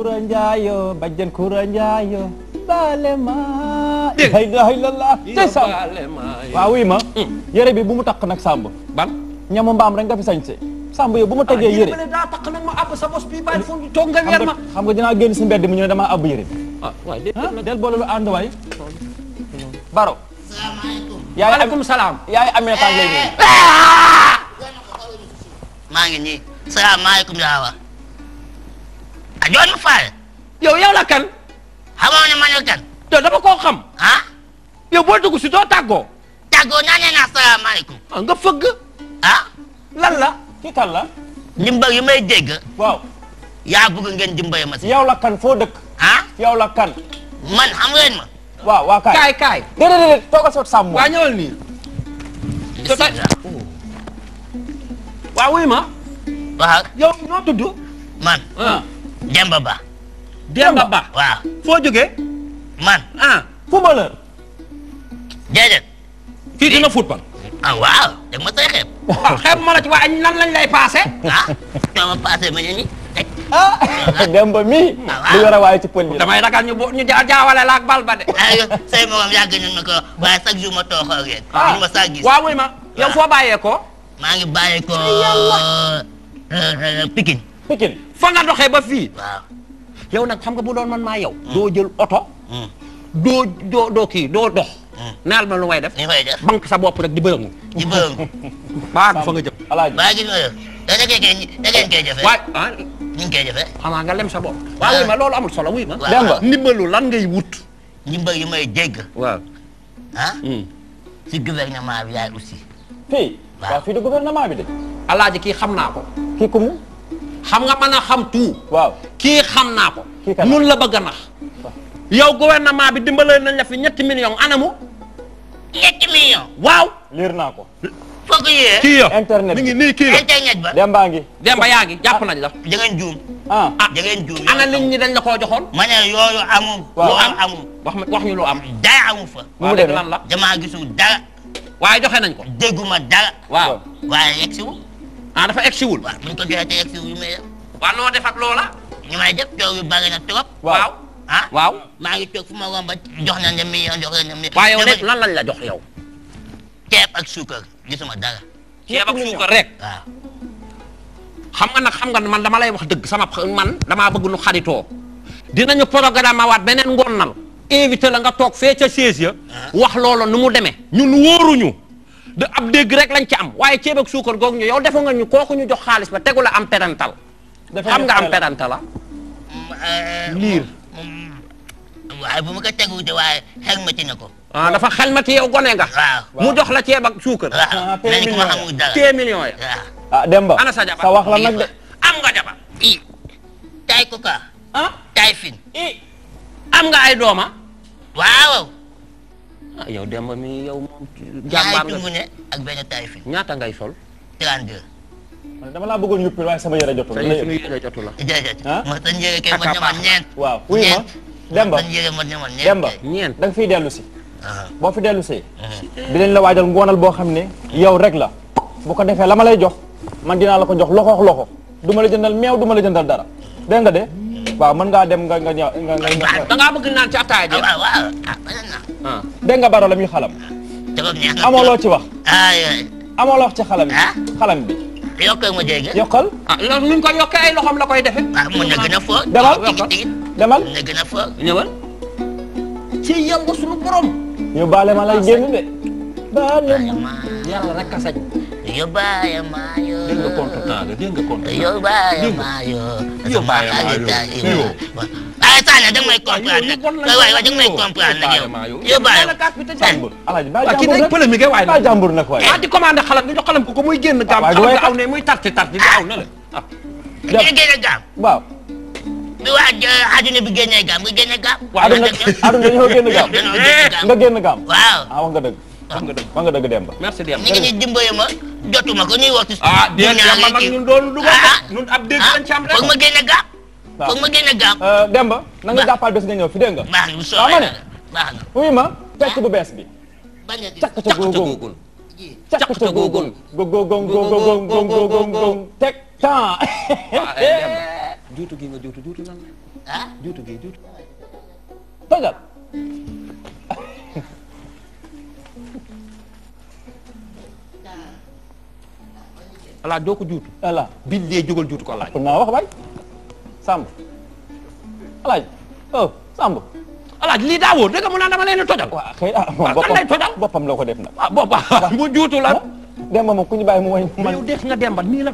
Koura Ndiaye bàjjen Koura Ndiaye baale ma la ilaha illallah tey Samb waaw wuy ma hmm. yére bi bu mu takk nag Samb ban ñamu mbaam rek nga fi sañse Samb yow bu ma tegee ah, yére daa takk nag ma àbb sa bos bi bàyyi foofu toog nga weer ma xam nga dinaa génn si mbedd mi ñu ne damaa àbb yére bi ah, ah, del boole lu ànd waay Baro yaay aleykum salaam yaay amee tànk lay maa ngi nii salaamaaleykum yaawa a joonu faal. yow yow la kan. xamoo ne man la kan. yow dama koo xam. ah. yow boo dugg si doo tàggoo. tàggoo naa nee naa salaamaaleykum. Ah, nga fëgg. ah. lan la. ci kan la. ndimbal may dégg. yaa bëgg ngeen dimbale ma si. yow la kan foo dëkk. ah yow la kan. man xam ngeen ma. waaw waaw kaay kaay kaay. déedéet déedéet waa ñëwal nii. waa ma. waaw yow noo Demba Ba. Demba Ba waaw. foo jógee. man ah. footballeur. déedéet. fii dina football. ah waaw dégg ma say xeeb. waaw ma la ci waaye nan lañ lay paase. ah soo ma paasee ma ne nii teg. Ah. ah Demba mii. Ah, ci pël yi damay ragal ñu bo ñu de. Ah, aywa ma waaye chaque jour ma tooxoo ak yéen. ah ma saa gis. waaw muy bàyyee ko. maa ngi bàyyee ko euh, euh, Pikine. Pikine. fa nga doxee ba fii. yow nag xam nga bu doon man maa yow. Hmm. doo jël oto. Hmm. doo doo doo kii dox. Hmm. naal ma lu may def. li may def banque sa bopp rek di bërëngu. a bërëngu. baa fa nga jëm. alaaj baa nga da ngeen koy jafe. Ah. nga lem sa bopp. ma loolu amul solo wuy ma. dem ba lan nga wut. ndimbal i may dégg. waaw. ah. si bi de gouvernement bi de. xam naa ko. kii ku xam nga mën a xam waaw kii xam naa ko. nun la bëgg a nax. yow gouvernement bi dimbalee nañ la fi ñetti millions anamu. ñetti millions. waaw. liir naa ko. foog yee. kii ya internet mi ngi nii kii la ba. Demba Demba yaa ngi jàpp nañ la. da ngeen juum. Ah. ah da ngeen juum. ana nit ñi dañ la koo joxoon. ma ne yooyu amul. lu am amul. wax wax lu am. dara amu fa. mu demee la. damaa gisul dara. waaye joxe nañ ko. dégguma dara. waaw waaye ah dafa egg si wul. waaw buñ ko joxee te egg si wul mais. waaw noo def ak loola. ñu may def coow yu bëri na trop. waaw ah waaw. maa ngi toog fu ma romb jox nañ la million jox nañ la million. waaye yow rek lan lañ la jox yow. ceeb ak suukar gisuma dara. ceeb ak suukar rek waaw. xam nga nag xam nga man dama lay wax dëgg sama man damaa bëgg nu xaritoo dinañu programme waat beneen ngoon nal invité la nga toog fee ca chaise ya ah. wax loola nu mu demee ñun wóoruñu. da ab dégg rek lañ ci am waaye ceeb ak suukar googu ñu yow defa nga ñu kooku ñu jox xaalis ma tegu la am parental am nga am parental la ah. eh, liir waaye bu ma ko tegu de waaye xelmati na ko ah dafa xelmati yow gone nga mu jox la ceeb ak suukar ah, te millions ya ah Demba ana sa wax la nag de am nga jabar ah? ay dooma waaw ah yow Demba mi yow moom. jàmbaar nga mu ne ak ñaata ngay sol. 32. man dama laa bëggoon ñuppil waaye sama yére jotul. la suñu yére jotul la. jërëjëf ah ma sa njëriñ kay ma ñamoon ñeent. waaw wuyu Demba ma sa njëriñ dellu si. Ah. boo fi dellu see. Ah. dinañ la waajal ngoonal boo xam ne yow rek la bu ko defee la ma lay jox man dinaa la ko jox loxo loxo duma la jëndal meew du ma la jëndal dara dégg de waaw mën ngaa dem nga nga ña nga nga. da ngaa bëgg naan ci attaaya ji. ah waaw ah bëri na. ah dégg nga baro la muy xalam. dama neex na amoo loo ci wax. aywa. Ah, amoo loo wax ci xalam bi. Ah? xalam bi. yokkal ma jéggi. yokkal. ah loolu nu ñu ko yokkee ay loxoom la koy defee. ah mun na gën a fo. demal ah, demal mun na gën a fo. ñëwal. ci yàlla suñu borom. ñu baale ma lay génn de. baale ma yàlla rek a sañ. yóbbaale maa yoo dégg nga compte temps la dégg nga compte temps yóbbaale maa yoo. yóbbaale maa yoo waaye Sane da nga may comprendre nag waaye waaye da nga may comprendre nag yow yóbbaale waaw kii day polémique waaye nag jàmbur nag waaye di commandé xalam nga jox xalam ko ko muy génn gaam xalam nga aw ne muy tarti tarti di aw na la ah ngay génne gaam waaw eh, bi waa adduna bi génne gaam nga génne gaam aduna dañoo génn gaam nga génn gaam waaw ah, wax nga dëgg wax nga dëgg wax nga dëgg Demba. merci Demba ma jotuma ko ñuy wax. ah déedéet man nag ñun doon lu ah, ah, ñun ab dégg lañ ci am rek. foog ma génne gaaw foog ma génne gaaw. Euh, Demba na nga jàppal bés nga ñëw fi dégg nga. baax na soo ma ne baax na. wuy ma fekk bu ah. bees bi. bañ ca góogóog càkk ca góogóog. góogóog góogóog góogóog teg temps. Eh, juutu gi nga juutu juutu lan la. allah doo ko juutu. allah biñ dee jógal juutu ko alaaj. kon naa wax waay Samb. alaaj oh Samb. alaaj lii daawoo dëgg mu naan dama leen di tojal. waaw boppam la ko def nag. ah boppam bu juutu la. Demba moom ku ñu bàyyi mu wëñ. man yow def nga Demba nii la.